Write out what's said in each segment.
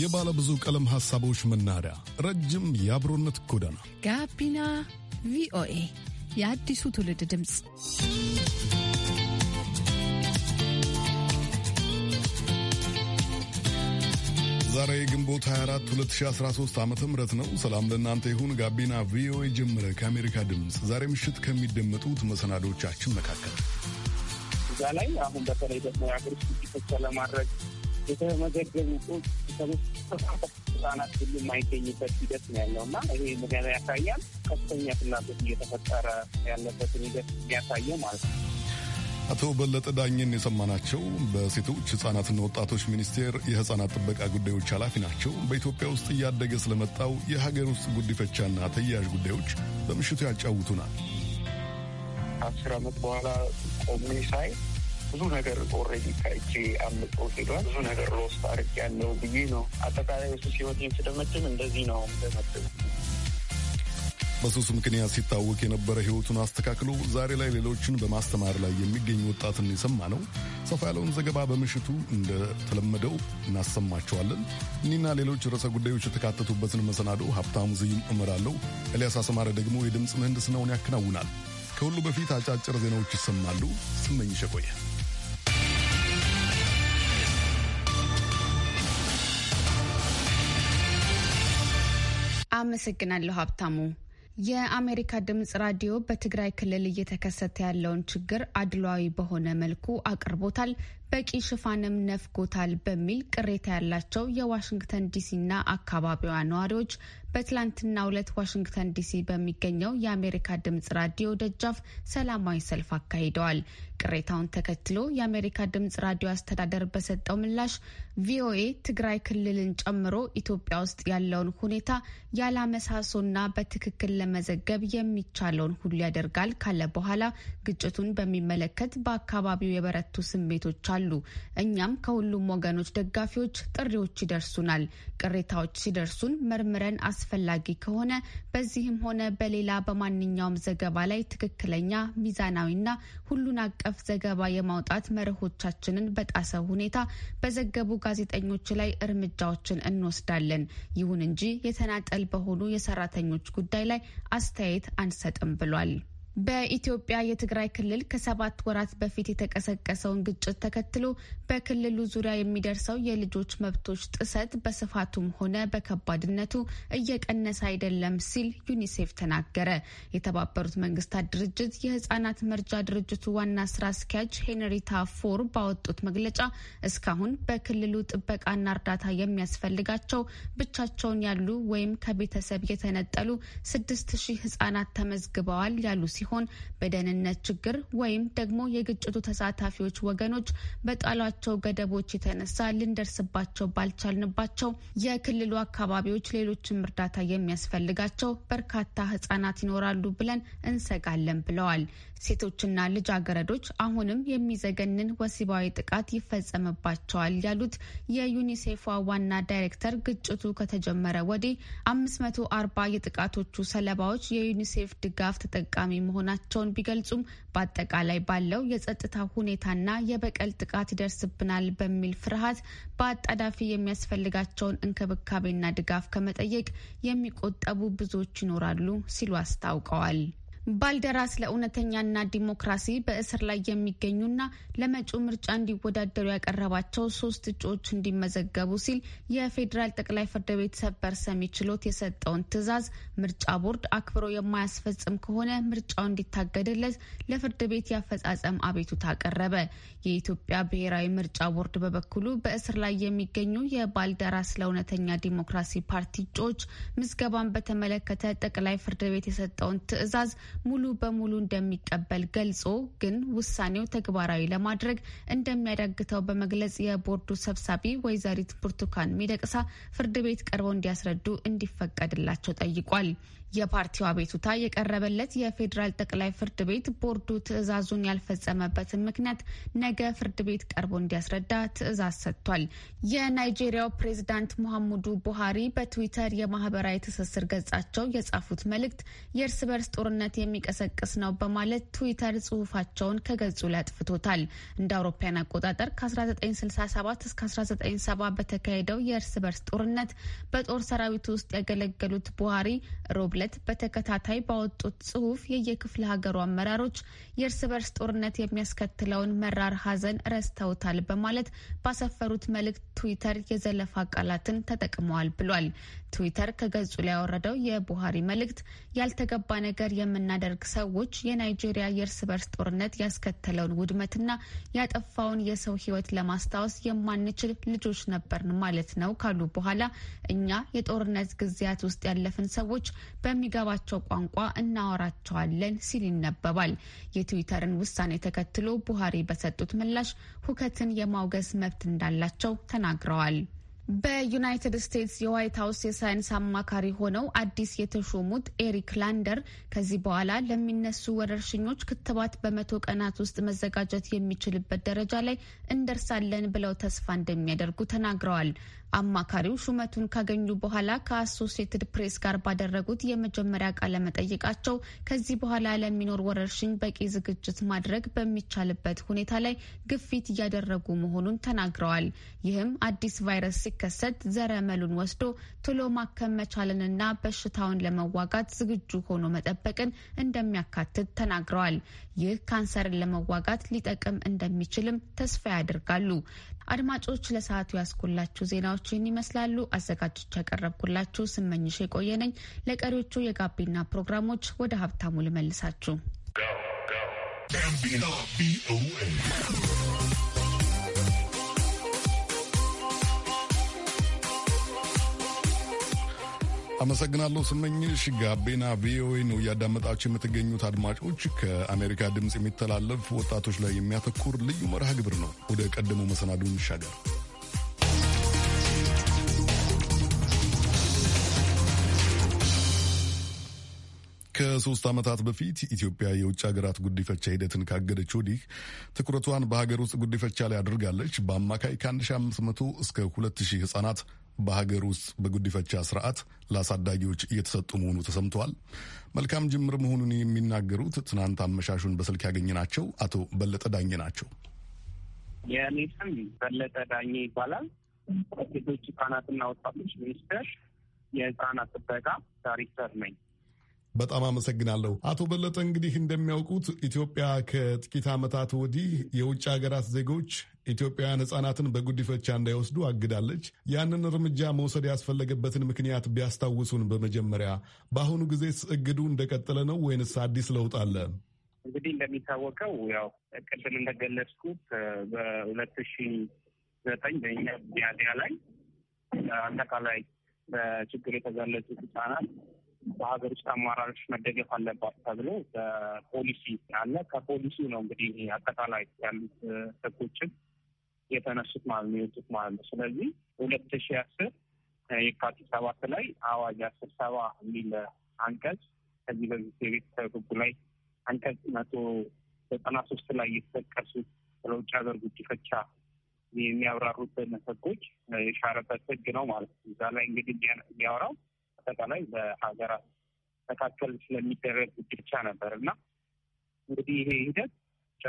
የባለ ብዙ ቀለም ሐሳቦች መናኸሪያ፣ ረጅም የአብሮነት ጎዳና ጋቢና ቪኦኤ የአዲሱ ትውልድ ድምፅ። ዛሬ ግንቦት 24 2013 ዓ ም ነው። ሰላም ለእናንተ ይሁን። ጋቢና ቪኦኤ ጀመረ። ከአሜሪካ ድምፅ ዛሬ ምሽት ከሚደመጡት መሰናዶቻችን መካከል እዛ ላይ አሁን በተለይ ደግሞ የአገር ውስጥ ግጭቶች ለማድረግ የተመዘገቡ ህጻናት ሁሉ የማይገኝበት ሂደት ነው ያለው እና ይሄ ምገና ያሳያል። ከፍተኛ ፍላጎት እየተፈጠረ ያለበትን ሂደት የሚያሳየው ማለት ነው። አቶ በለጠ ዳኝን የሰማናቸው በሴቶች ህጻናትና ወጣቶች ሚኒስቴር የህጻናት ጥበቃ ጉዳዮች ኃላፊ ናቸው። በኢትዮጵያ ውስጥ እያደገ ስለመጣው የሀገር ውስጥ ጉዲፈቻና ተያያዥ ጉዳዮች በምሽቱ ያጫውቱናል። አስር ዓመት በኋላ ቆሜ ሳይ ብዙ ነገር ኦልሬዲ ከእጄ አምጦ ሄዷል። ብዙ ነገር ሎስ አርቅ ያለው ብዬ ነው። አጠቃላይ የሱስ ሲወት ስደመድም እንደዚህ ነው ደመድም። በሱስ ምክንያት ሲታወቅ የነበረ ህይወቱን አስተካክሎ ዛሬ ላይ ሌሎችን በማስተማር ላይ የሚገኝ ወጣትን የሰማ ነው። ሰፋ ያለውን ዘገባ በምሽቱ እንደተለመደው እናሰማቸዋለን። እኒና ሌሎች ርዕሰ ጉዳዮች የተካተቱበትን መሰናዶ ሀብታሙ ዝይም እመራለሁ። ኤልያስ አሰማረ ደግሞ የድምፅ ምህንድስናውን ያከናውናል። ከሁሉ በፊት አጫጭር ዜናዎች ይሰማሉ። ስመኝሽ ቆየ አመሰግናለሁ ሀብታሙ። የአሜሪካ ድምጽ ራዲዮ በትግራይ ክልል እየተከሰተ ያለውን ችግር አድሏዊ በሆነ መልኩ አቅርቦታል። በቂ ሽፋንም ነፍጎታል በሚል ቅሬታ ያላቸው የዋሽንግተን ዲሲና አካባቢዋ ነዋሪዎች በትላንትናው ዕለት ዋሽንግተን ዲሲ በሚገኘው የአሜሪካ ድምጽ ራዲዮ ደጃፍ ሰላማዊ ሰልፍ አካሂደዋል። ቅሬታውን ተከትሎ የአሜሪካ ድምጽ ራዲዮ አስተዳደር በሰጠው ምላሽ ቪኦኤ ትግራይ ክልልን ጨምሮ ኢትዮጵያ ውስጥ ያለውን ሁኔታ ያላመሳሶና በትክክል ለመዘገብ የሚቻለውን ሁሉ ያደርጋል ካለ በኋላ ግጭቱን በሚመለከት በአካባቢው የበረቱ ስሜቶች አሉ ይገኛሉ። እኛም ከሁሉም ወገኖች ደጋፊዎች ጥሪዎች ይደርሱናል። ቅሬታዎች ሲደርሱን መርምረን አስፈላጊ ከሆነ በዚህም ሆነ በሌላ በማንኛውም ዘገባ ላይ ትክክለኛ ሚዛናዊና ሁሉን አቀፍ ዘገባ የማውጣት መርሆቻችንን በጣሰ ሁኔታ በዘገቡ ጋዜጠኞች ላይ እርምጃዎችን እንወስዳለን። ይሁን እንጂ የተናጠል በሆኑ የሰራተኞች ጉዳይ ላይ አስተያየት አንሰጥም ብሏል። በኢትዮጵያ የትግራይ ክልል ከሰባት ወራት በፊት የተቀሰቀሰውን ግጭት ተከትሎ በክልሉ ዙሪያ የሚደርሰው የልጆች መብቶች ጥሰት በስፋቱም ሆነ በከባድነቱ እየቀነሰ አይደለም ሲል ዩኒሴፍ ተናገረ። የተባበሩት መንግስታት ድርጅት የህጻናት መርጃ ድርጅቱ ዋና ስራ አስኪያጅ ሄንሪታ ፎር ባወጡት መግለጫ እስካሁን በክልሉ ጥበቃና እርዳታ የሚያስፈልጋቸው ብቻቸውን ያሉ ወይም ከቤተሰብ የተነጠሉ ስድስት ሺህ ህጻናት ተመዝግበዋል ያሉ ሲሆን ሲሆን በደህንነት ችግር ወይም ደግሞ የግጭቱ ተሳታፊዎች ወገኖች በጣሏቸው ገደቦች የተነሳ ልንደርስባቸው ባልቻልንባቸው የክልሉ አካባቢዎች ሌሎችም እርዳታ የሚያስፈልጋቸው በርካታ ህጻናት ይኖራሉ ብለን እንሰጋለን ብለዋል። ሴቶችና ልጃገረዶች አሁንም የሚዘገንን ወሲባዊ ጥቃት ይፈጸምባቸዋል ያሉት የዩኒሴፏ ዋና ዳይሬክተር ግጭቱ ከተጀመረ ወዲህ 540 የጥቃቶቹ ሰለባዎች የዩኒሴፍ ድጋፍ ተጠቃሚ መሆናቸውን ቢገልጹም በአጠቃላይ ባለው የጸጥታ ሁኔታና የበቀል ጥቃት ይደርስብናል በሚል ፍርሃት በአጣዳፊ የሚያስፈልጋቸውን እንክብካቤና ድጋፍ ከመጠየቅ የሚቆጠቡ ብዙዎች ይኖራሉ ሲሉ አስታውቀዋል። ባልደራስ ለእውነተኛና ዲሞክራሲ በእስር ላይ የሚገኙና ለመጪው ምርጫ እንዲወዳደሩ ያቀረባቸው ሶስት እጩዎች እንዲመዘገቡ ሲል የፌዴራል ጠቅላይ ፍርድ ቤት ሰበር ሰሚ ችሎት የሰጠውን ትዕዛዝ ምርጫ ቦርድ አክብሮ የማያስፈጽም ከሆነ ምርጫው እንዲታገድለት ለፍርድ ቤት ያፈጻጸም አቤቱታ አቀረበ። የኢትዮጵያ ብሔራዊ ምርጫ ቦርድ በበኩሉ በእስር ላይ የሚገኙ የባልደራስ ለእውነተኛ ዲሞክራሲ ፓርቲ እጩዎች ምዝገባን በተመለከተ ጠቅላይ ፍርድ ቤት የሰጠውን ትዕዛዝ ሙሉ በሙሉ እንደሚቀበል ገልጾ ግን ውሳኔው ተግባራዊ ለማድረግ እንደሚያዳግተው በመግለጽ የቦርዱ ሰብሳቢ ወይዘሪት ብርቱካን ሚደቅሳ ፍርድ ቤት ቀርበው እንዲያስረዱ እንዲፈቀድላቸው ጠይቋል። የፓርቲው አቤቱታ የቀረበለት የፌዴራል ጠቅላይ ፍርድ ቤት ቦርዱ ትዕዛዙን ያልፈጸመበትን ምክንያት ነገ ፍርድ ቤት ቀርቦ እንዲያስረዳ ትዕዛዝ ሰጥቷል። የናይጄሪያው ፕሬዚዳንት ሙሐሙዱ ቡሃሪ በትዊተር የማህበራዊ ትስስር ገጻቸው የጻፉት መልእክት የእርስ በርስ ጦርነት የሚቀሰቅስ ነው በማለት ትዊተር ጽሁፋቸውን ከገጹ ላይ አጥፍቶታል። እንደ አውሮፓያን አቆጣጠር ከ1967 እስከ 1970 በተካሄደው የእርስ በርስ ጦርነት በጦር ሰራዊት ውስጥ ያገለገሉት ቡሃሪ ሮብለት በተከታታይ ባወጡት ጽሁፍ የየክፍለ ሀገሩ አመራሮች የእርስ በርስ ጦርነት የሚያስከትለውን መራር ሀዘን ረስተውታል በማለት ባሰፈሩት መልእክት ትዊተር የዘለፋ ቃላትን ተጠቅመዋል ብሏል። ትዊተር ከገጹ ላይ ያወረደው የቡሃሪ መልእክት ያልተገባ ነገር የምናደርግ ሰዎች የናይጄሪያ የእርስ በርስ ጦርነት ያስከተለውን ውድመትና ያጠፋውን የሰው ሕይወት ለማስታወስ የማንችል ልጆች ነበርን ማለት ነው ካሉ በኋላ እኛ የጦርነት ጊዜያት ውስጥ ያለፍን ሰዎች በሚገባቸው ቋንቋ እናወራቸዋለን ሲል ይነበባል። የትዊተርን ውሳኔ ተከትሎ ቡሃሪ በሰጡት ምላሽ ሁከትን የማውገዝ መብት እንዳላቸው ተናግረዋል። በዩናይትድ ስቴትስ የዋይት ሀውስ የሳይንስ አማካሪ ሆነው አዲስ የተሾሙት ኤሪክ ላንደር ከዚህ በኋላ ለሚነሱ ወረርሽኞች ክትባት በመቶ ቀናት ውስጥ መዘጋጀት የሚችልበት ደረጃ ላይ እንደርሳለን ብለው ተስፋ እንደሚያደርጉ ተናግረዋል። አማካሪው ሹመቱን ካገኙ በኋላ ከአሶሲየትድ ፕሬስ ጋር ባደረጉት የመጀመሪያ ቃለ መጠይቃቸው ከዚህ በኋላ ለሚኖር ወረርሽኝ በቂ ዝግጅት ማድረግ በሚቻልበት ሁኔታ ላይ ግፊት እያደረጉ መሆኑን ተናግረዋል። ይህም አዲስ ቫይረስ ሲከሰት ዘረመሉን ወስዶ ቶሎ ማከም መቻልንና በሽታውን ለመዋጋት ዝግጁ ሆኖ መጠበቅን እንደሚያካትት ተናግረዋል። ይህ ካንሰርን ለመዋጋት ሊጠቅም እንደሚችልም ተስፋ ያደርጋሉ። አድማጮች ለሰዓቱ ያስኩላችሁ ዜናው ዜናዎች ይህን ይመስላሉ። አዘጋጆች ያቀረብኩላችሁ ስመኝሽ የቆየ ነኝ። ለቀሪዎቹ የጋቢና ፕሮግራሞች ወደ ሀብታሙ ልመልሳችሁ። አመሰግናለሁ ስመኝሽ። ጋቢና ቪኦኤ ነው እያዳመጣችሁ የምትገኙት አድማጮች። ከአሜሪካ ድምፅ የሚተላለፍ ወጣቶች ላይ የሚያተኩር ልዩ መርሃ ግብር ነው። ወደ ቀደመው መሰናዱ እንሻገር። ከሶስት ዓመታት በፊት ኢትዮጵያ የውጭ ሀገራት ጉዲፈቻ ሂደትን ካገደች ወዲህ ትኩረቷን በሀገር ውስጥ ጉዲፈቻ ላይ አድርጋለች። በአማካይ ከ1500 እስከ 2000 ህጻናት በሀገር ውስጥ በጉዲፈቻ ስርዓት ለአሳዳጊዎች እየተሰጡ መሆኑ ተሰምተዋል። መልካም ጅምር መሆኑን የሚናገሩት ትናንት አመሻሹን በስልክ ያገኘናቸው አቶ በለጠ ዳኜ ናቸው። የእኔ ስም በለጠ ዳኜ ይባላል። ሴቶች ህጻናትና ወጣቶች ሚኒስቴር የህጻናት ጥበቃ ዳይሬክተር ነኝ። በጣም አመሰግናለሁ አቶ በለጠ። እንግዲህ እንደሚያውቁት ኢትዮጵያ ከጥቂት ዓመታት ወዲህ የውጭ ሀገራት ዜጎች ኢትዮጵያውያን ህጻናትን በጉዲፈቻ እንዳይወስዱ አግዳለች። ያንን እርምጃ መውሰድ ያስፈለገበትን ምክንያት ቢያስታውሱን በመጀመሪያ። በአሁኑ ጊዜስ እግዱ እንደቀጠለ ነው ወይንስ አዲስ ለውጥ አለ? እንግዲህ እንደሚታወቀው ያው ቅድም እንደገለጽኩት በሁለት ሺ ዘጠኝ በኛ ሚያዝያ ላይ አጠቃላይ በችግር የተጋለጡ ህጻናት በሀገር ውስጥ አማራጮች መደገፍ አለባት ተብሎ በፖሊሲ አለ። ከፖሊሲ ነው እንግዲህ አጠቃላይ ያሉት ህጎችን የተነሱት ማለት ነው የወጡት ማለት ነው። ስለዚህ ሁለት ሺ አስር የካቲት ሰባት ላይ አዋጅ አስር ሰባ የሚል አንቀጽ ከዚህ በፊት የቤተሰብ ህጉ ላይ አንቀጽ መቶ ዘጠና ሶስት ላይ የተጠቀሱት ስለ ውጭ ሀገር ጉዲፈቻ የሚያብራሩትን ህጎች የሻረበት ህግ ነው ማለት ነው። እዛ ላይ እንግዲህ የሚያወራው በአጠቃላይ በሀገራት መካከል ስለሚደረግ ጉዲፈቻ ነበር እና እንግዲህ ይሄ ሂደት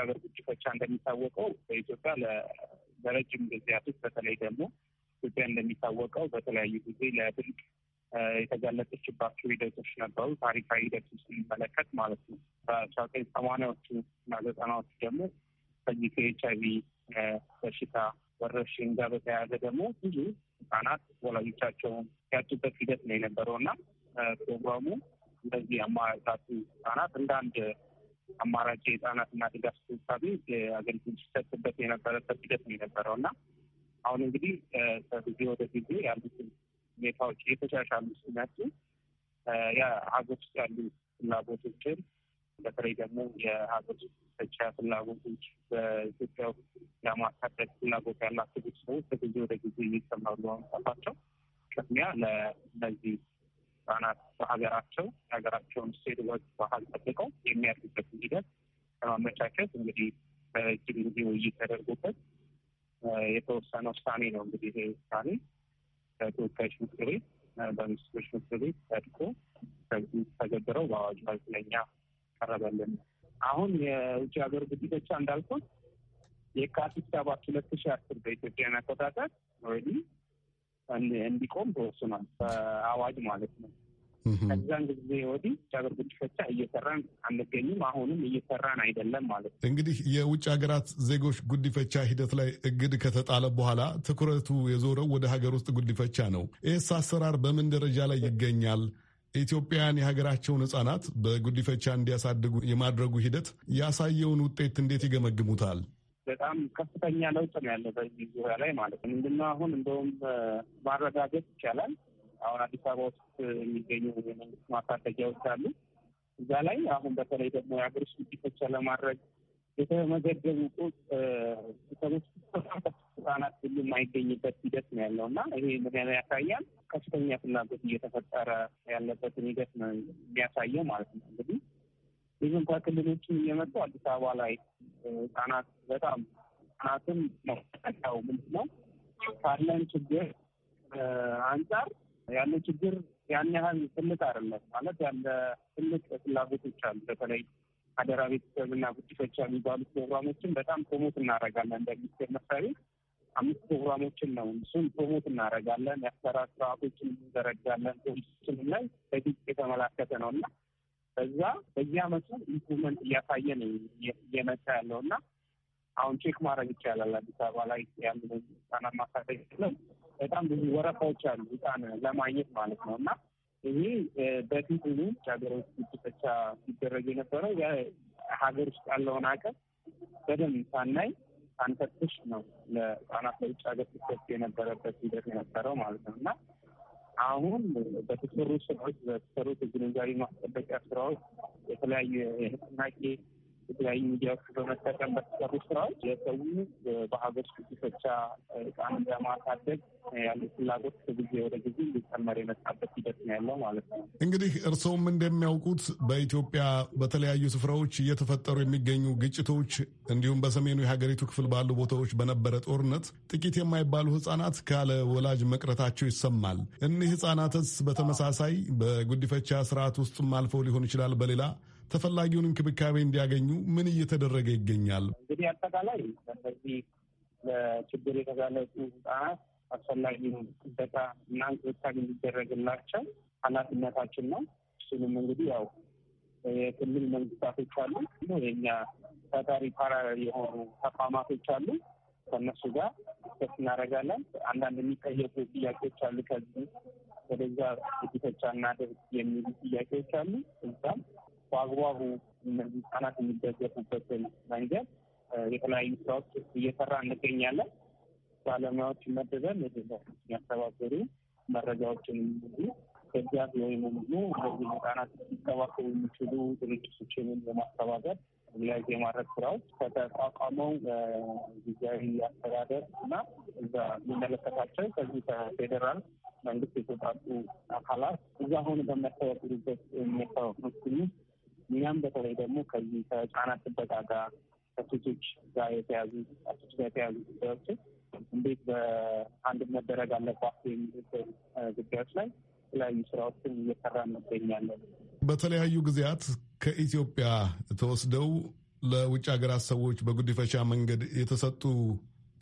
ሀገር ጉዲፈቻ እንደሚታወቀው በኢትዮጵያ ለረጅም ጊዜያት ውስጥ በተለይ ደግሞ ኢትዮጵያ እንደሚታወቀው በተለያዩ ጊዜ ለድርቅ የተጋለጠችባቸው ሂደቶች ነበሩ። ታሪካዊ ሂደቶች ስንመለከት ማለት ነው። በአስራ ዘጠኝ ሰማንያዎቹ እና ዘጠናዎቹ ደግሞ ከዚህ ከኤች አይቪ በሽታ ወረርሽኝ ጋር በተያያዘ ደግሞ ብዙ ህጻናት ወላጆቻቸውን ያጡበት ሂደት ነው የነበረው እና ፕሮግራሙ እንደዚህ አማራጭ ህጻናት እንደ አንድ አማራጭ እና ድጋፍ ስብሳቢ አገልግሎት ሲሰጥበት የነበረበት ሂደት ነው የነበረው እና አሁን እንግዲህ ከጊዜ ወደ ጊዜ ያሉትን ሁኔታዎች እየተሻሻሉ ሲመጡ የሀገር ውስጥ ያሉ ፍላጎቶችን በተለይ ደግሞ የሀገር ብቻ ፍላጎቶች በኢትዮጵያ ውስጥ ለማሳደግ ፍላጎት ያላቸው ብዙ ሰዎች ከጊዜ ወደ ጊዜ እየሰማሉ መምጣታቸው ቅድሚያ ለእነዚህ ህጻናት በሀገራቸው የሀገራቸውን ሴድ ወግ ባህል ጠብቀው የሚያድጉበት ሂደት ለማመቻቸት እንግዲህ በእጅግ ጊዜ ውይይት ተደርጎበት የተወሰነ ውሳኔ ነው። እንግዲህ ይሄ ውሳኔ በተወካዮች ምክር ቤት፣ በሚኒስትሮች ምክር ቤት ጸድቆ ከዚህ ተገብረው በአዋጅ መዝለኛ ቀረበልን። አሁን የውጭ ሀገር ግጭቶች እንዳልኩት የካቲት ሰባት ሁለት ሺ አስር በኢትዮጵያን አቆጣጠር ኦልሬዲ እንዲቆም ተወስኗል በአዋጅ ማለት ነው። ከዛን ጊዜ ወዲህ ውጭ ሀገር ግጭቶች እየሰራን አንገኝም። አሁንም እየሰራን አይደለም ማለት ነው። እንግዲህ የውጭ ሀገራት ዜጎች ጉዲፈቻ ሂደት ላይ እግድ ከተጣለ በኋላ ትኩረቱ የዞረው ወደ ሀገር ውስጥ ጉዲፈቻ ነው። ይህስ አሰራር በምን ደረጃ ላይ ይገኛል? ኢትዮጵያውያን የሀገራቸውን ህጻናት በጉዲፈቻ እንዲያሳድጉ የማድረጉ ሂደት ያሳየውን ውጤት እንዴት ይገመግሙታል? በጣም ከፍተኛ ለውጥ ነው ያለው በዚህ ዙሪያ ላይ ማለት ነው። ምንድነው አሁን እንደውም ማረጋገጥ ይቻላል። አሁን አዲስ አበባ ውስጥ የሚገኙ የመንግስት ማሳደጊያዎች አሉ። እዛ ላይ አሁን በተለይ ደግሞ የሀገር ውስጥ ጉዲፈቻ ለማድረግ የተመዘገቡ ቁጥሮች ህጻናት ሁሉ የማይገኝበት ሂደት ነው ያለው እና ይሄ ምክንያት ያሳያል ከፍተኛ ፍላጎት እየተፈጠረ ያለበትን ሂደት ነው የሚያሳየው ማለት ነው። እንግዲህ እንኳ ከክልሎችም እየመጡ አዲስ አበባ ላይ ህጻናት በጣም ህጻናትን ያው ምንድን ነው ካለን ችግር አንጻር ያለ ችግር ያን ያህል ትልቅ አይደለም ማለት ያለ ትልቅ ፍላጎቶች አሉ በተለይ አደራ ቤተሰብ ቤተሰብና ጉዲፈቻ የሚባሉ ፕሮግራሞችን በጣም ፕሮሞት እናደርጋለን። እንደሚኒስቴር መስሪያ ቤት አምስት ፕሮግራሞችን ነው እሱም ፕሮሞት እናደርጋለን። የአሰራር ስርዓቶችን እንዘረጋለን። ፖሊሲችን ላይ በግልጽ የተመላከተ ነው እና በዛ በየአመቱ ኢምፕሩቭመንት እያሳየ ነው እየመጣ ያለው እና አሁን ቼክ ማድረግ ይቻላል። አዲስ አበባ ላይ ያሉ ህጻናት ማሳደግ በጣም ብዙ ወረፋዎች አሉ ህጻን ለማግኘት ማለት ነው እና ይሄ በፊት ሁሉ ሀገር ውስጥ ብቻ ሲደረግ የነበረው ሀገር ውስጥ ያለውን አቅም በደንብ ሳናይ ሳንፈትሽ ነው ለህጻናት ለውጭ ሀገር ሲሰጥ የነበረበት ሂደት የነበረው ማለት ነው እና አሁን በተሰሩ ስራዎች በተሰሩት ግንዛቤ ማስጠበቂያ ስራዎች የተለያዩ የንቅናቄ የተለያዩ ሚዲያዎች በመጠቀም በተሰሩ ስራዎች የሰው በሀገር ውስጥ ሲፈቻ ህፃን ለማሳደግ ያሉ ፍላጎት ከጊዜ ወደ ጊዜ እየጨመረ የመጣበት ሂደት ነው ያለው ማለት ነው። እንግዲህ እርስዎም እንደሚያውቁት በኢትዮጵያ በተለያዩ ስፍራዎች እየተፈጠሩ የሚገኙ ግጭቶች እንዲሁም በሰሜኑ የሀገሪቱ ክፍል ባሉ ቦታዎች በነበረ ጦርነት ጥቂት የማይባሉ ህጻናት ካለ ወላጅ መቅረታቸው ይሰማል። እኒህ ህጻናትስ በተመሳሳይ በጉዲፈቻ ስርዓት ውስጥም አልፈው ሊሆን ይችላል በሌላ ተፈላጊውን እንክብካቤ እንዲያገኙ ምን እየተደረገ ይገኛል? እንግዲህ አጠቃላይ በዚህ ለችግር የተጋለጡ ህጻናት አስፈላጊውን ጥበቃ እና እንክብካቤ እንዲደረግላቸው ኃላፊነታችን ነው። እሱንም እንግዲህ ያው የክልል መንግስታቶች አሉ፣ የኛ ተጠሪ ፓራ የሆኑ ተቋማቶች አሉ። ከእነሱ ጋር ደስ እናደርጋለን። አንዳንድ የሚጠየቁ ጥያቄዎች አሉ። ከዚህ ወደዛ ዝግተቻ እናደርግ የሚሉ ጥያቄዎች አሉ። እዛም በአግባቡ እነዚህ ህጻናት የሚደገፉበትን መንገድ የተለያዩ ስራዎች እየሰራ እንገኛለን። ባለሙያዎች መደበን ያስተባበሩ መረጃዎችን ሁሉ ደጋፊ ወይም ሙሉ እነዚህ ህጻናት ሊንከባከቡ የሚችሉ ድርጅቶችን በማስተባበር ላይ የማድረግ ስራዎች ከተቋቋመው ጊዜያዊ አስተዳደር እና እዛ የሚመለከታቸው ከዚህ ከፌዴራል መንግስት የተውጣጡ አካላት እዛ አሁን በሚያስተባብሩበት የሚያስተባብሩት እኛም በተለይ ደግሞ ከዚህ ከህጻናት ጥበቃ ጋር ከሴቶች ጋር የተያዙ ሴቶች ጋር የተያዙ ጉዳዮች እንዴት በአንድ መደረግ አለባቸው የሚሉት ጉዳዮች ላይ የተለያዩ ስራዎችን እየሰራ እንገኛለን። በተለያዩ ጊዜያት ከኢትዮጵያ ተወስደው ለውጭ ሀገራት ሰዎች በጉዲፈቻ መንገድ የተሰጡ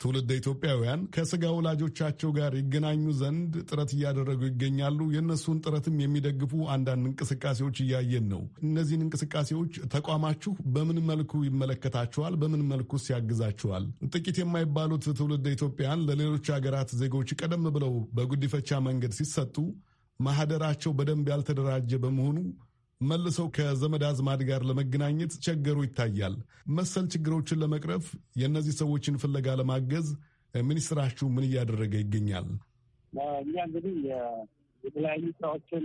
ትውልድ ኢትዮጵያውያን ከስጋ ወላጆቻቸው ጋር ይገናኙ ዘንድ ጥረት እያደረጉ ይገኛሉ። የእነሱን ጥረትም የሚደግፉ አንዳንድ እንቅስቃሴዎች እያየን ነው። እነዚህን እንቅስቃሴዎች ተቋማችሁ በምን መልኩ ይመለከታችኋል? በምን መልኩስ ያግዛችኋል? ጥቂት የማይባሉት ትውልድ ኢትዮጵያን ለሌሎች ሀገራት ዜጎች ቀደም ብለው በጉዲፈቻ መንገድ ሲሰጡ ማህደራቸው በደንብ ያልተደራጀ በመሆኑ መልሰው ከዘመድ አዝማድ ጋር ለመገናኘት ቸገሩ ይታያል። መሰል ችግሮችን ለመቅረፍ የእነዚህ ሰዎችን ፍለጋ ለማገዝ ሚኒስትራችሁ ምን እያደረገ ይገኛል? እኛ እንግዲህ የተለያዩ ስራዎችን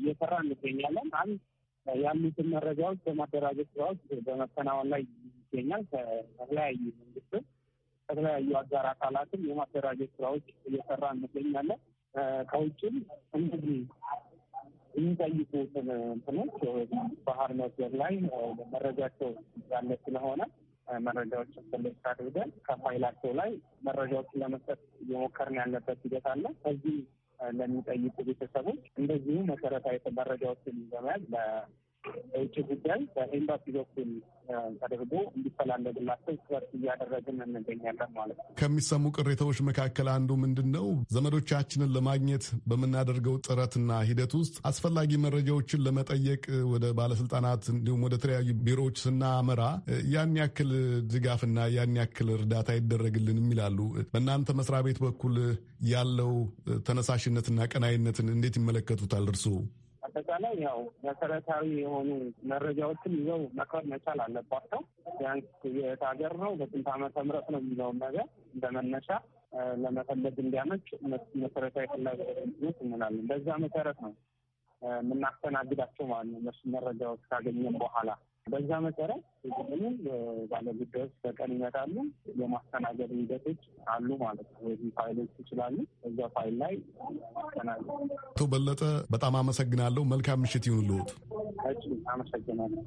እየሰራ እንገኛለን። አንድ ያሉትን መረጃዎች በማደራጀት ስራዎች በመከናወን ላይ ይገኛል። ከተለያዩ መንግስትም ከተለያዩ አጋር አካላትም የማደራጀት ስራዎች እየሰራ እንገኛለን። ከውጭም እንግዲህ የሚጠይቁ እንትኖች ባህር መስገድ ላይ መረጃቸው ያለ ስለሆነ መረጃዎችን ፈልግ አድርገን ከፋይላቸው ላይ መረጃዎችን ለመስጠት እየሞከርን ያለበት ሂደት አለ። ከዚህ ለሚጠይቁ ቤተሰቦች እንደዚሁ መሰረታዊ መረጃዎችን በመያዝ የውጭ ጉዳይ በኤምባሲ በኩል ተደርጎ እንዲፈላለግላቸው ጥረት እያደረግን እንገኛለን ማለት ነው። ከሚሰሙ ቅሬታዎች መካከል አንዱ ምንድን ነው፣ ዘመዶቻችንን ለማግኘት በምናደርገው ጥረትና ሂደት ውስጥ አስፈላጊ መረጃዎችን ለመጠየቅ ወደ ባለስልጣናት እንዲሁም ወደ ተለያዩ ቢሮዎች ስናመራ ያን ያክል ድጋፍና ያን ያክል እርዳታ ይደረግልን ይላሉ። በእናንተ መስሪያ ቤት በኩል ያለው ተነሳሽነትና ቀናይነትን እንዴት ይመለከቱታል እርስዎ? በአጠቃላይ ያው መሰረታዊ የሆኑ መረጃዎችን ይዘው መቅረብ መቻል አለባቸው። ቢያንስ የት ሀገር ነው በስንት ዓመተ ምህረት ነው የሚለውን ነገር እንደመነሻ ለመፈለግ እንዲያመች መሰረታዊ ፍላጎት እንላለን። በዛ መሰረት ነው የምናስተናግዳቸው ማለት ነው መረጃዎች ካገኘን በኋላ በዛ መሰረት ህዝብንም ባለጉዳዮች በቀን ይመጣሉ። የማስተናገድ ሂደቶች አሉ ማለት ነው። ወይም ፋይሎች ይችላሉ። እዛ ፋይል ላይ ይስተናገ አቶ በለጠ በጣም አመሰግናለሁ። መልካም ምሽት ይሁን ልዎት። አመሰግናለሁ።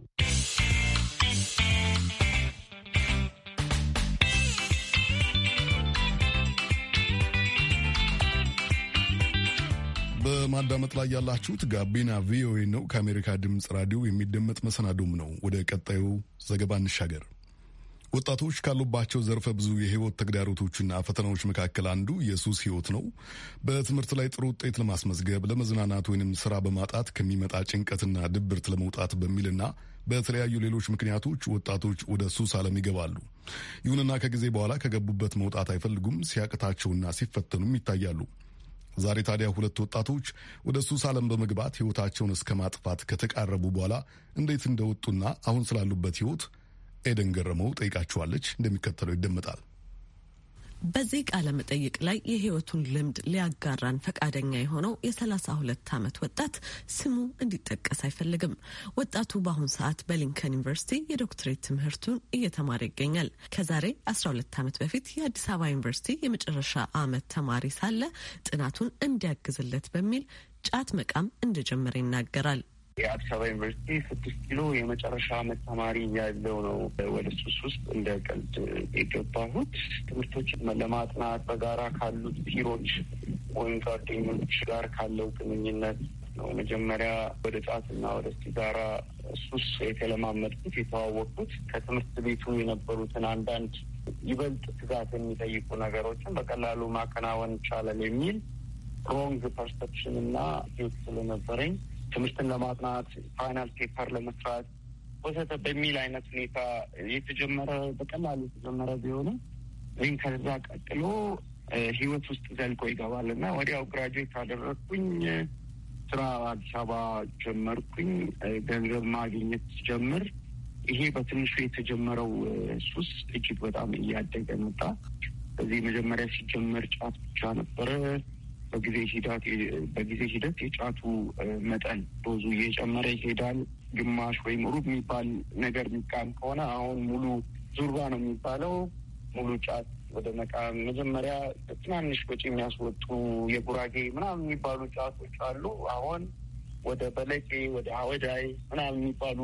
በማዳመጥ ላይ ያላችሁት ጋቢና ቪኦኤ ነው። ከአሜሪካ ድምፅ ራዲዮ የሚደመጥ መሰናዶም ነው። ወደ ቀጣዩ ዘገባ እንሻገር። ወጣቶች ካሉባቸው ዘርፈ ብዙ የህይወት ተግዳሮቶችና ፈተናዎች መካከል አንዱ የሱስ ህይወት ነው። በትምህርት ላይ ጥሩ ውጤት ለማስመዝገብ ለመዝናናት ወይንም ስራ በማጣት ከሚመጣ ጭንቀትና ድብርት ለመውጣት በሚልና በተለያዩ ሌሎች ምክንያቶች ወጣቶች ወደ ሱስ ዓለም ይገባሉ። ይሁንና ከጊዜ በኋላ ከገቡበት መውጣት አይፈልጉም። ሲያቅታቸውና ሲፈተኑም ይታያሉ። ዛሬ ታዲያ ሁለት ወጣቶች ወደ ሱስ ዓለም በመግባት ሕይወታቸውን እስከ ማጥፋት ከተቃረቡ በኋላ እንዴት እንደወጡና አሁን ስላሉበት ሕይወት ኤደን ገረመው ጠይቃችኋለች። እንደሚከተለው ይደመጣል። በዚህ ቃለ መጠይቅ ላይ የህይወቱን ልምድ ሊያጋራን ፈቃደኛ የሆነው የሰላሳ ሁለት ዓመት ወጣት ስሙ እንዲጠቀስ አይፈልግም። ወጣቱ በአሁን ሰዓት በሊንከን ዩኒቨርሲቲ የዶክትሬት ትምህርቱን እየተማረ ይገኛል። ከዛሬ 12 ዓመት በፊት የአዲስ አበባ ዩኒቨርሲቲ የመጨረሻ ዓመት ተማሪ ሳለ ጥናቱን እንዲያግዝለት በሚል ጫት መቃም እንደጀመረ ይናገራል። የአዲስ አበባ ዩኒቨርሲቲ ስድስት ኪሎ የመጨረሻ አመት ተማሪ ያለው ነው ወደ ሱስ ውስጥ እንደ ቀልድ የገባሁት። ትምህርቶችን ለማጥናት በጋራ ካሉት ፒሮች ወይም ጓደኞች ጋር ካለው ግንኙነት ነው። መጀመሪያ ወደ ጫትና ወደ ሲጋራ ሱስ የተለማመድኩት የተዋወቅኩት ከትምህርት ቤቱ የነበሩትን አንዳንድ ይበልጥ ትጋት የሚጠይቁ ነገሮችን በቀላሉ ማከናወን ይቻላል የሚል ሮንግ ፐርሰፕሽን እና ስለነበረኝ ትምህርትን ለማጥናት ፋይናል ፔፐር ለመስራት ወሰተ በሚል አይነት ሁኔታ የተጀመረ በቀላሉ የተጀመረ ቢሆንም ግን ከዛ ቀጥሎ ህይወት ውስጥ ዘልቆ ይገባል እና ወዲያው ግራጁዌት አደረግኩኝ። ስራ አዲስ አበባ ጀመርኩኝ። ገንዘብ ማግኘት ጀምር ይሄ በትንሹ የተጀመረው ሱስ እጅግ በጣም እያደገ መጣ። እዚህ መጀመሪያ ሲጀመር ጫት ብቻ ነበረ። በጊዜ ሂደት በጊዜ ሂደት የጫቱ መጠን ዶዙ እየጨመረ ይሄዳል። ግማሽ ወይም ሩብ የሚባል ነገር የሚቃም ከሆነ አሁን ሙሉ ዙርባ ነው የሚባለው ሙሉ ጫት ወደ መቃም መጀመሪያ ትናንሽ ወጪ የሚያስወጡ የጉራጌ ምናምን የሚባሉ ጫቶች አሉ። አሁን ወደ በለቄ ወደ ሀወዳይ ምናምን የሚባሉ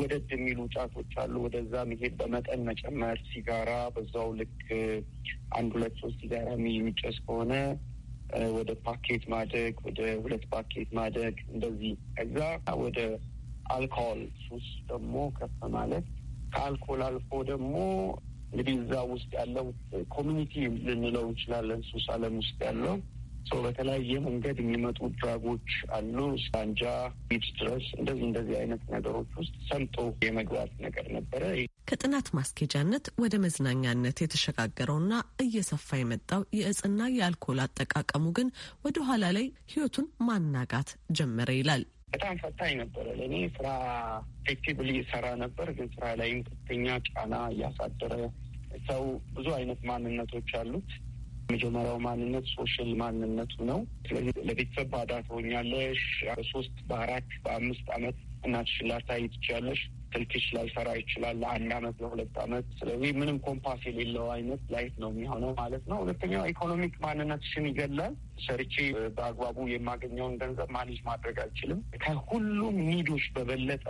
ወደድ የሚሉ ጫቶች አሉ። ወደዛ መሄድ በመጠን መጨመር፣ ሲጋራ በዛው ልክ አንድ ሁለት ሶስት ሲጋራ የሚጨስ ከሆነ ወደ ፓኬት ማደግ፣ ወደ ሁለት ፓኬት ማደግ እንደዚህ ከዛ ወደ አልኮል ሱስ ደግሞ ከፍ ማለት ከአልኮል አልፎ ደግሞ እንግዲህ እዛ ውስጥ ያለው ኮሚኒቲ ልንለው እንችላለን። ሱስ አለም ውስጥ ያለው ሰው በተለያየ መንገድ የሚመጡ ድራጎች አሉ፣ ሳንጃ ቢድ ድረስ እንደዚህ እንደዚህ አይነት ነገሮች ውስጥ ሰምጦ የመግባት ነገር ነበረ። ከጥናት ማስኬጃነት ወደ መዝናኛነት የተሸጋገረውና እየሰፋ የመጣው የእጽና የአልኮል አጠቃቀሙ ግን ወደ ኋላ ላይ ህይወቱን ማናጋት ጀመረ ይላል። በጣም ፈታኝ ነበረ። ለእኔ ስራ ኤፌክቲቭሊ ይሰራ ነበር፣ ግን ስራ ላይም ከፍተኛ ጫና እያሳደረ ሰው ብዙ አይነት ማንነቶች አሉት። የመጀመሪያው ማንነት ሶሽል ማንነቱ ነው። ስለዚህ ለቤተሰብ ባዳ ትሆኛለሽ። ሶስት በአራት በአምስት አመት እናትሽን ላታይ ትችያለሽ። ይችላል፣ ሰራ ይችላል ለአንድ አመት ለሁለት አመት። ስለዚህ ምንም ኮምፓስ የሌለው አይነት ላይፍ ነው የሚሆነው ማለት ነው። ሁለተኛው ኢኮኖሚክ ማንነትሽን ይገላል። ሰርቼ በአግባቡ የማገኘውን ገንዘብ ማኔጅ ማድረግ አልችልም። ከሁሉም ኒዶች በበለጠ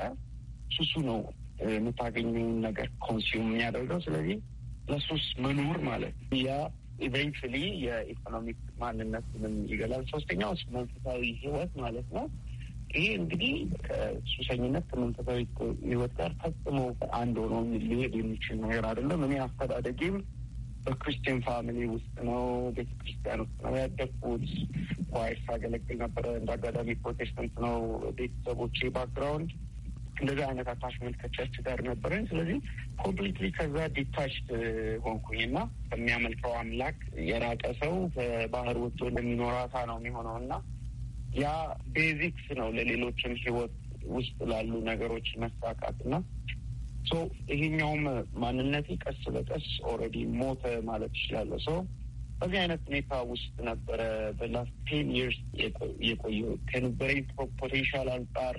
ሱሱ ነው የምታገኘውን ነገር ኮንሱም የሚያደርገው። ስለዚህ ለሱስ መኖር ማለት ያ ኢቨንቹሊ የኢኮኖሚክ ማንነትንም ይገላል። ሶስተኛው መንፈሳዊ ህይወት ማለት ነው። ይሄ እንግዲህ ከሱሰኝነት ከመንፈሳዊ ህይወት ጋር ፈጽሞ አንድ ሆኖ ሊሄድ የሚችል ነገር አይደለም። እኔ አስተዳደጌም በክርስቲያን ፋሚሊ ውስጥ ነው። ቤተ ክርስቲያን ውስጥ ነው ያደግኩት። ኳይር ሳገለግል ነበረ። እንደ አጋጣሚ ፕሮቴስታንት ነው ቤተሰቦቼ ባክግራውንድ። እንደዚህ አይነት አታችመንት ከቸርች ጋር ነበረኝ። ስለዚህ ኮምፕሊትሊ ከዛ ዲታችድ ሆንኩኝ እና ከሚያመልከው አምላክ የራቀ ሰው ከባህር ወጥቶ እንደሚኖር አሳ ነው የሚሆነው እና ያ ቤዚክስ ነው ለሌሎችም ህይወት ውስጥ ላሉ ነገሮች መሳካት ሶ ይሄኛውም ማንነት ቀስ በቀስ ኦልሬዲ ሞተ ማለት ይችላለ ሰው በዚህ አይነት ሁኔታ ውስጥ ነበረ በላስት ቴን ይርስ የቆየው ከነበረኝ ፖቴንሻል አንጻር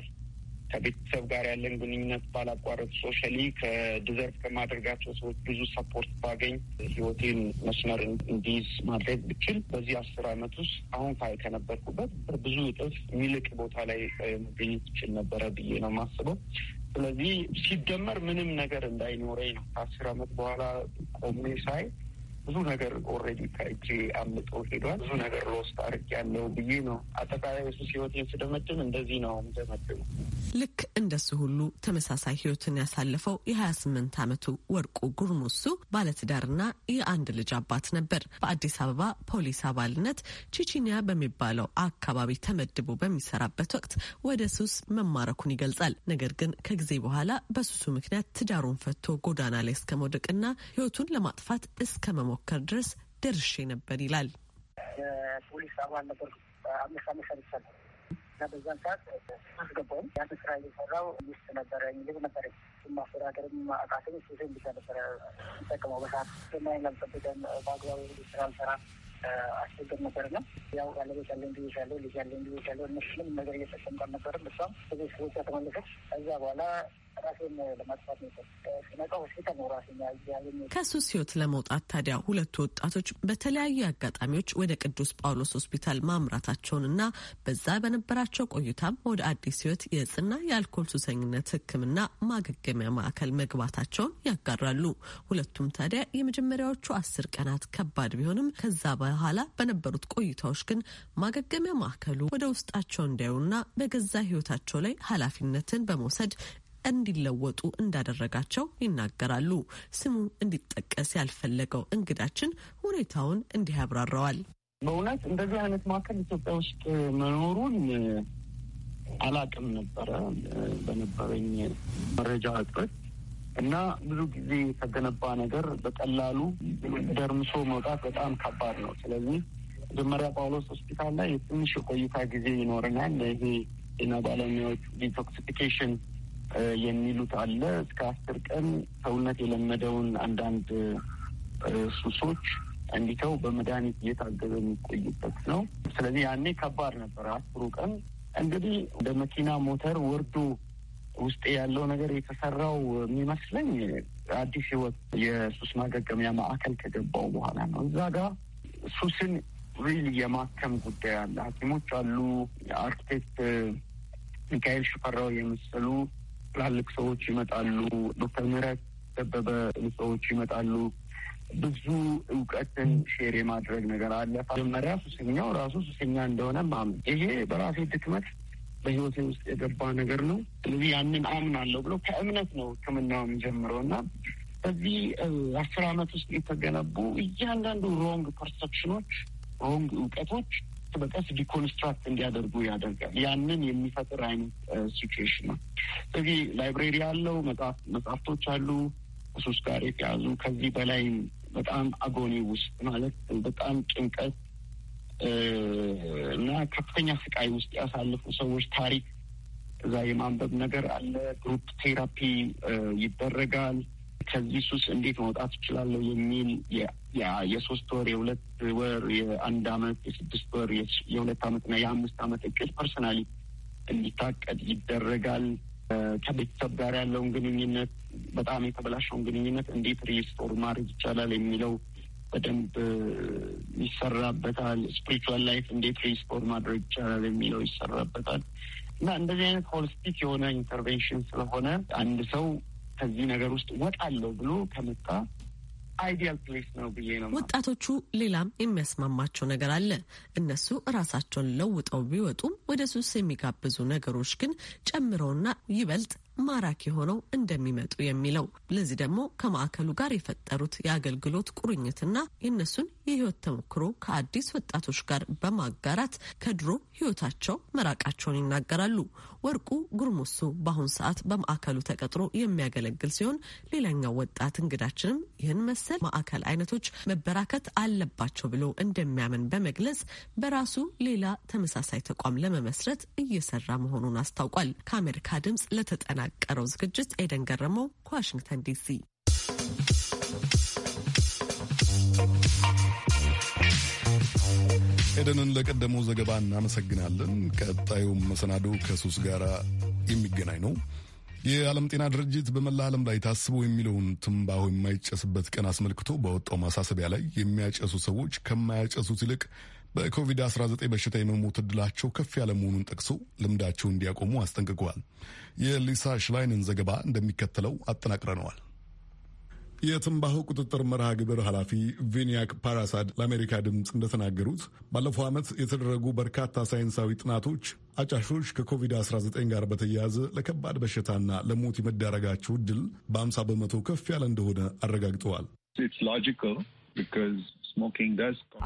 ከቤተሰብ ጋር ያለን ግንኙነት ባላቋረጥ፣ ሶሻሊ ከዲዘርቭ ከማድረጋቸው ሰዎች ብዙ ሰፖርት ባገኝ ህይወቴን መስመር እንዲይዝ ማድረግ ብችል በዚህ አስር አመት ውስጥ አሁን ካይ ከነበርኩበት ብዙ እጥፍ የሚልቅ ቦታ ላይ መገኘት ይችል ነበረ ብዬ ነው የማስበው። ስለዚህ ሲደመር ምንም ነገር እንዳይኖረኝ ነው ከአስር አመት በኋላ ቆሜ ሳይ ብዙ ነገር ኦልሬዲ ከእጄ አምጦ ሄዷል። ብዙ ነገር ሎስት ያለው ብዬ ነው አጠቃላይ የሱስ ህይወቴን ስደመድም እንደዚህ ነው ምደመድሙ። ልክ እንደሱ ሁሉ ተመሳሳይ ህይወትን ያሳለፈው የሀያ ስምንት አመቱ ወርቁ ጉርሙሱ ባለትዳርና የአንድ ልጅ አባት ነበር። በአዲስ አበባ ፖሊስ አባልነት ቺቺኒያ በሚባለው አካባቢ ተመድቦ በሚሰራበት ወቅት ወደ ሱስ መማረኩን ይገልጻል። ነገር ግን ከጊዜ በኋላ በሱሱ ምክንያት ትዳሩን ፈቶ ጎዳና ላይ መውደቅና ህይወቱን ለማጥፋት እስከ መሞ መሞከር ድረስ ደርሼ ነበር ይላል። ፖሊስ አባል ነበር አምስት አመት ሰርቻለሁ እና በዛን ሰዓት አስገባውም ያን ስራ እየሰራው ሚስት ነበረ ልጅ ነበረ ማስተዳደርም አቃተኝ። ሱሴን ብቻ ነበረ ጠቀመው በሰዓት ማይን ላልጠብቀን በአግባቡ ስራ ልሰራ አስቸገር ነበር ነው ያው ባለቤት ያለን ልጆች ያለው ልጅ ያለን ልጆች ያለው እነሱ ነገር እየጠቀምቀ ነበርም እሷም ቤተሰቦቿ ተመለሰች። ከዛ በኋላ ከሱስ ህይወት ለመውጣት ታዲያ ሁለቱ ወጣቶች በተለያዩ አጋጣሚዎች ወደ ቅዱስ ጳውሎስ ሆስፒታል ማምራታቸውን እና በዛ በነበራቸው ቆይታም ወደ አዲስ ህይወት የእጽና የአልኮል ሱሰኝነት ህክምና ማገገሚያ ማዕከል መግባታቸውን ያጋራሉ። ሁለቱም ታዲያ የመጀመሪያዎቹ አስር ቀናት ከባድ ቢሆንም ከዛ በኋላ በነበሩት ቆይታዎች ግን ማገገሚያ ማዕከሉ ወደ ውስጣቸው እንዲያዩና በገዛ ህይወታቸው ላይ ኃላፊነትን በመውሰድ እንዲለወጡ እንዳደረጋቸው ይናገራሉ። ስሙ እንዲጠቀስ ያልፈለገው እንግዳችን ሁኔታውን እንዲህ ያብራራዋል። በእውነት እንደዚህ አይነት ማዕከል ኢትዮጵያ ውስጥ መኖሩን አላቅም ነበረ በነበረኝ መረጃ እጥረት እና ብዙ ጊዜ የተገነባ ነገር በቀላሉ ደርምሶ መውጣት በጣም ከባድ ነው። ስለዚህ መጀመሪያ ጳውሎስ ሆስፒታል ላይ የትንሽ የቆይታ ጊዜ ይኖረናል። ይሄ ጤና ባለሙያዎች ዲቶክሲፊኬሽን የሚሉት አለ። እስከ አስር ቀን ሰውነት የለመደውን አንዳንድ ሱሶች እንዲተው በመድኃኒት እየታገበ የሚቆይበት ነው። ስለዚህ ያኔ ከባድ ነበር። አስሩ ቀን እንግዲህ እንደ መኪና ሞተር ወርዶ ውስጥ ያለው ነገር የተሰራው የሚመስለኝ አዲስ ህይወት የሱስ ማገገሚያ ማዕከል ከገባው በኋላ ነው። እዛ ጋር ሱስን ሪል የማከም ጉዳይ አለ። ሐኪሞች አሉ። አርኪቴክት ሚካኤል ሽፈራው የመሰሉ ትላልቅ ሰዎች ይመጣሉ። ዶክተር ምህረት ደበበ ሰዎች ይመጣሉ። ብዙ እውቀትን ሼር የማድረግ ነገር አለ። መጀመሪያ ሱሰኛው ራሱ ሱሰኛ እንደሆነ ማም ይሄ በራሴ ድክመት በህይወቴ ውስጥ የገባ ነገር ነው። ስለዚህ ያንን አምናለሁ ብሎ ከእምነት ነው ህክምናው የሚጀምረው እና በዚህ አስር አመት ውስጥ የተገነቡ እያንዳንዱ ሮንግ ፐርሰፕሽኖች፣ ሮንግ እውቀቶች ቀስ በቀስ ዲኮንስትራክት እንዲያደርጉ ያደርጋል። ያንን የሚፈጥር አይነት ሲትዌሽን ነው። ስለዚህ ላይብሬሪ አለው፣ መጽሐፍቶች አሉ ከሱስ ጋር የተያዙ ከዚህ በላይ በጣም አጎኒ ውስጥ ማለት በጣም ጭንቀት እና ከፍተኛ ስቃይ ውስጥ ያሳለፉ ሰዎች ታሪክ እዛ የማንበብ ነገር አለ። ግሩፕ ቴራፒ ይደረጋል። ከዚህ ሱስ እንዴት መውጣት እችላለሁ የሚል የሶስት ወር የሁለት ወር የአንድ አመት የስድስት ወር የሁለት ዓመትና የአምስት አመት እቅድ ፐርሰናሊ እንዲታቀድ ይደረጋል። ከቤተሰብ ጋር ያለውን ግንኙነት በጣም የተበላሸውን ግንኙነት እንዴት ሪስቶር ማድረግ ይቻላል የሚለው በደንብ ይሰራበታል። ስፕሪቹዋል ላይፍ እንዴት ሪስቶር ማድረግ ይቻላል የሚለው ይሰራበታል እና እንደዚህ አይነት ሆልስቲክ የሆነ ኢንተርቬንሽን ስለሆነ አንድ ሰው ከዚህ ነገር ውስጥ ወጣለሁ ብሎ ከመጣ አይዲያል ፕሌስ ነው ብዬ ነው። ወጣቶቹ ሌላም የሚያስማማቸው ነገር አለ። እነሱ ራሳቸውን ለውጠው ቢወጡም ወደ ሱስ የሚጋብዙ ነገሮች ግን ጨምረውና ይበልጥ ማራኪ ሆነው እንደሚመጡ የሚለው። ለዚህ ደግሞ ከማዕከሉ ጋር የፈጠሩት የአገልግሎት ቁርኝትና የእነሱን የህይወት ተሞክሮ ከአዲስ ወጣቶች ጋር በማጋራት ከድሮ ህይወታቸው መራቃቸውን ይናገራሉ። ወርቁ ጉርሙሱ በአሁኑ ሰዓት በማዕከሉ ተቀጥሮ የሚያገለግል ሲሆን ሌላኛው ወጣት እንግዳችንም ይህን መሰል ማዕከል አይነቶች መበራከት አለባቸው ብሎ እንደሚያምን በመግለጽ በራሱ ሌላ ተመሳሳይ ተቋም ለመመስረት እየሰራ መሆኑን አስታውቋል። ከአሜሪካ ድምጽ ለተጠና ለተጠናቀረው ዝግጅት ኤደን ገረመው ከዋሽንግተን ዲሲ። ኤደንን ለቀደመው ዘገባ እናመሰግናለን። ቀጣዩ መሰናዶ ከሱስ ጋር የሚገናኝ ነው። የዓለም ጤና ድርጅት በመላ ዓለም ላይ ታስቦ የሚለውን ትንባሆ የማይጨስበት ቀን አስመልክቶ በወጣው ማሳሰቢያ ላይ የሚያጨሱ ሰዎች ከማያጨሱት ይልቅ በኮቪድ-19 በሽታ የመሞት እድላቸው ከፍ ያለ መሆኑን ጠቅሰው ልምዳቸው እንዲያቆሙ አስጠንቅቀዋል። የሊሳ ሽላይንን ዘገባ እንደሚከተለው አጠናቅረነዋል። የትንባሆ ቁጥጥር መርሃ ግብር ኃላፊ ቪኒያክ ፓራሳድ ለአሜሪካ ድምፅ እንደተናገሩት ባለፈው ዓመት የተደረጉ በርካታ ሳይንሳዊ ጥናቶች አጫሾች ከኮቪድ-19 ጋር በተያያዘ ለከባድ በሽታና ለሞት የመዳረጋቸው እድል በ50 በመቶ ከፍ ያለ እንደሆነ አረጋግጠዋል።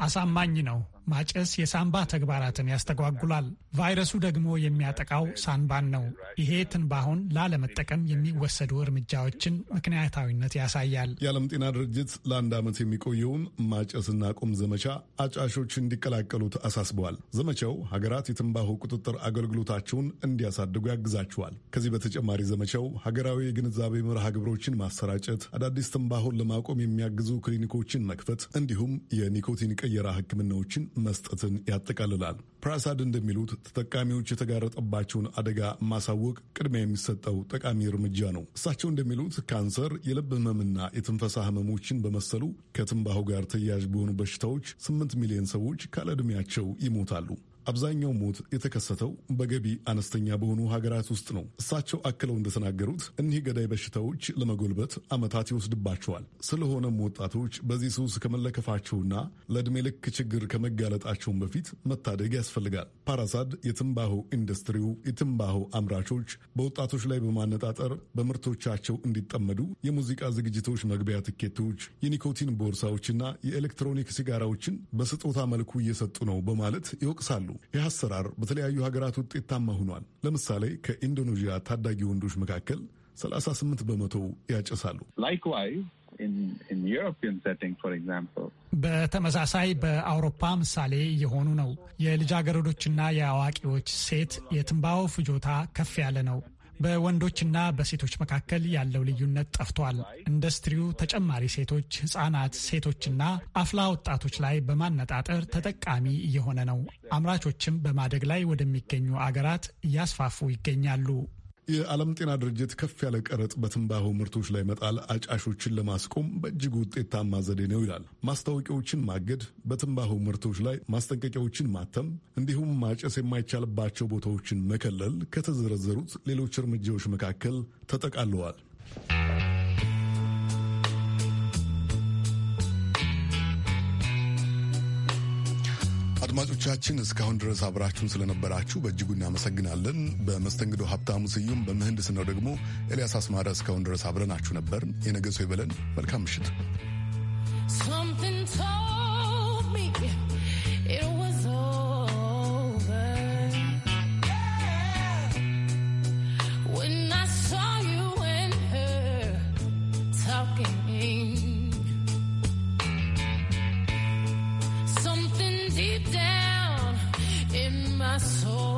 አሳማኝ ነው። ማጨስ የሳንባ ተግባራትን ያስተጓጉላል። ቫይረሱ ደግሞ የሚያጠቃው ሳንባን ነው። ይሄ ትንባሆን ላለመጠቀም የሚወሰዱ እርምጃዎችን ምክንያታዊነት ያሳያል። የዓለም ጤና ድርጅት ለአንድ ዓመት የሚቆየውን ማጨስና ቁም ዘመቻ አጫሾች እንዲቀላቀሉት አሳስበዋል። ዘመቻው ሀገራት የትንባሆ ቁጥጥር አገልግሎታቸውን እንዲያሳድጉ ያግዛቸዋል። ከዚህ በተጨማሪ ዘመቻው ሀገራዊ የግንዛቤ መርሃ ግብሮችን ማሰራጨት፣ አዳዲስ ትንባሆን ለማቆም የሚያግዙ ክሊኒኮችን መክፈት እንዲሁም የኒኮቲን ቀየራ ሕክምናዎችን መስጠትን ያጠቃልላል። ፕራሳድ እንደሚሉት ተጠቃሚዎች የተጋረጠባቸውን አደጋ ማሳወቅ ቅድሚያ የሚሰጠው ጠቃሚ እርምጃ ነው። እሳቸው እንደሚሉት ካንሰር፣ የልብ ህመምና የትንፈሳ ህመሞችን በመሰሉ ከትንባሁ ጋር ተያያዥ በሆኑ በሽታዎች ስምንት ሚሊዮን ሰዎች ካለዕድሜያቸው ይሞታሉ። አብዛኛው ሞት የተከሰተው በገቢ አነስተኛ በሆኑ ሀገራት ውስጥ ነው። እሳቸው አክለው እንደተናገሩት እኒህ ገዳይ በሽታዎች ለመጎልበት ዓመታት ይወስድባቸዋል። ስለሆነም ወጣቶች በዚህ ሱስ ከመለከፋቸውና ለዕድሜ ልክ ችግር ከመጋለጣቸውን በፊት መታደግ ያስፈልጋል። ፓራሳድ የትንባሆ ኢንዱስትሪው የትንባሆ አምራቾች በወጣቶች ላይ በማነጣጠር በምርቶቻቸው እንዲጠመዱ የሙዚቃ ዝግጅቶች መግቢያ ትኬቶች፣ የኒኮቲን ቦርሳዎችና የኤሌክትሮኒክ ሲጋራዎችን በስጦታ መልኩ እየሰጡ ነው በማለት ይወቅሳሉ። ይህ አሰራር በተለያዩ ሀገራት ውጤታማ ሆኗል። ለምሳሌ ከኢንዶኔዥያ ታዳጊ ወንዶች መካከል 38 በመቶ ያጨሳሉ። በተመሳሳይ በአውሮፓ ምሳሌ እየሆኑ ነው። የልጃገረዶችና የአዋቂዎች ሴት የትንባው ፍጆታ ከፍ ያለ ነው። በወንዶችና በሴቶች መካከል ያለው ልዩነት ጠፍቷል። ኢንዱስትሪው ተጨማሪ ሴቶች፣ ህጻናት፣ ሴቶችና አፍላ ወጣቶች ላይ በማነጣጠር ተጠቃሚ እየሆነ ነው። አምራቾችም በማደግ ላይ ወደሚገኙ አገራት እያስፋፉ ይገኛሉ። የዓለም ጤና ድርጅት ከፍ ያለ ቀረጥ በትንባሆ ምርቶች ላይ መጣል አጫሾችን ለማስቆም በእጅጉ ውጤታማ ዘዴ ነው ይላል። ማስታወቂያዎችን ማገድ፣ በትንባሆ ምርቶች ላይ ማስጠንቀቂያዎችን ማተም፣ እንዲሁም ማጨስ የማይቻልባቸው ቦታዎችን መከለል ከተዘረዘሩት ሌሎች እርምጃዎች መካከል ተጠቃለዋል። አድማጮቻችን እስካሁን ድረስ አብራችሁን ስለነበራችሁ በእጅጉ እናመሰግናለን። በመስተንግዶ ሀብታሙ ስዩም፣ በምህንድስናው ደግሞ ኤልያስ አስማረ። እስካሁን ድረስ አብረናችሁ ነበር። የነገ ሰው ይበለን። መልካም ምሽት። my soul.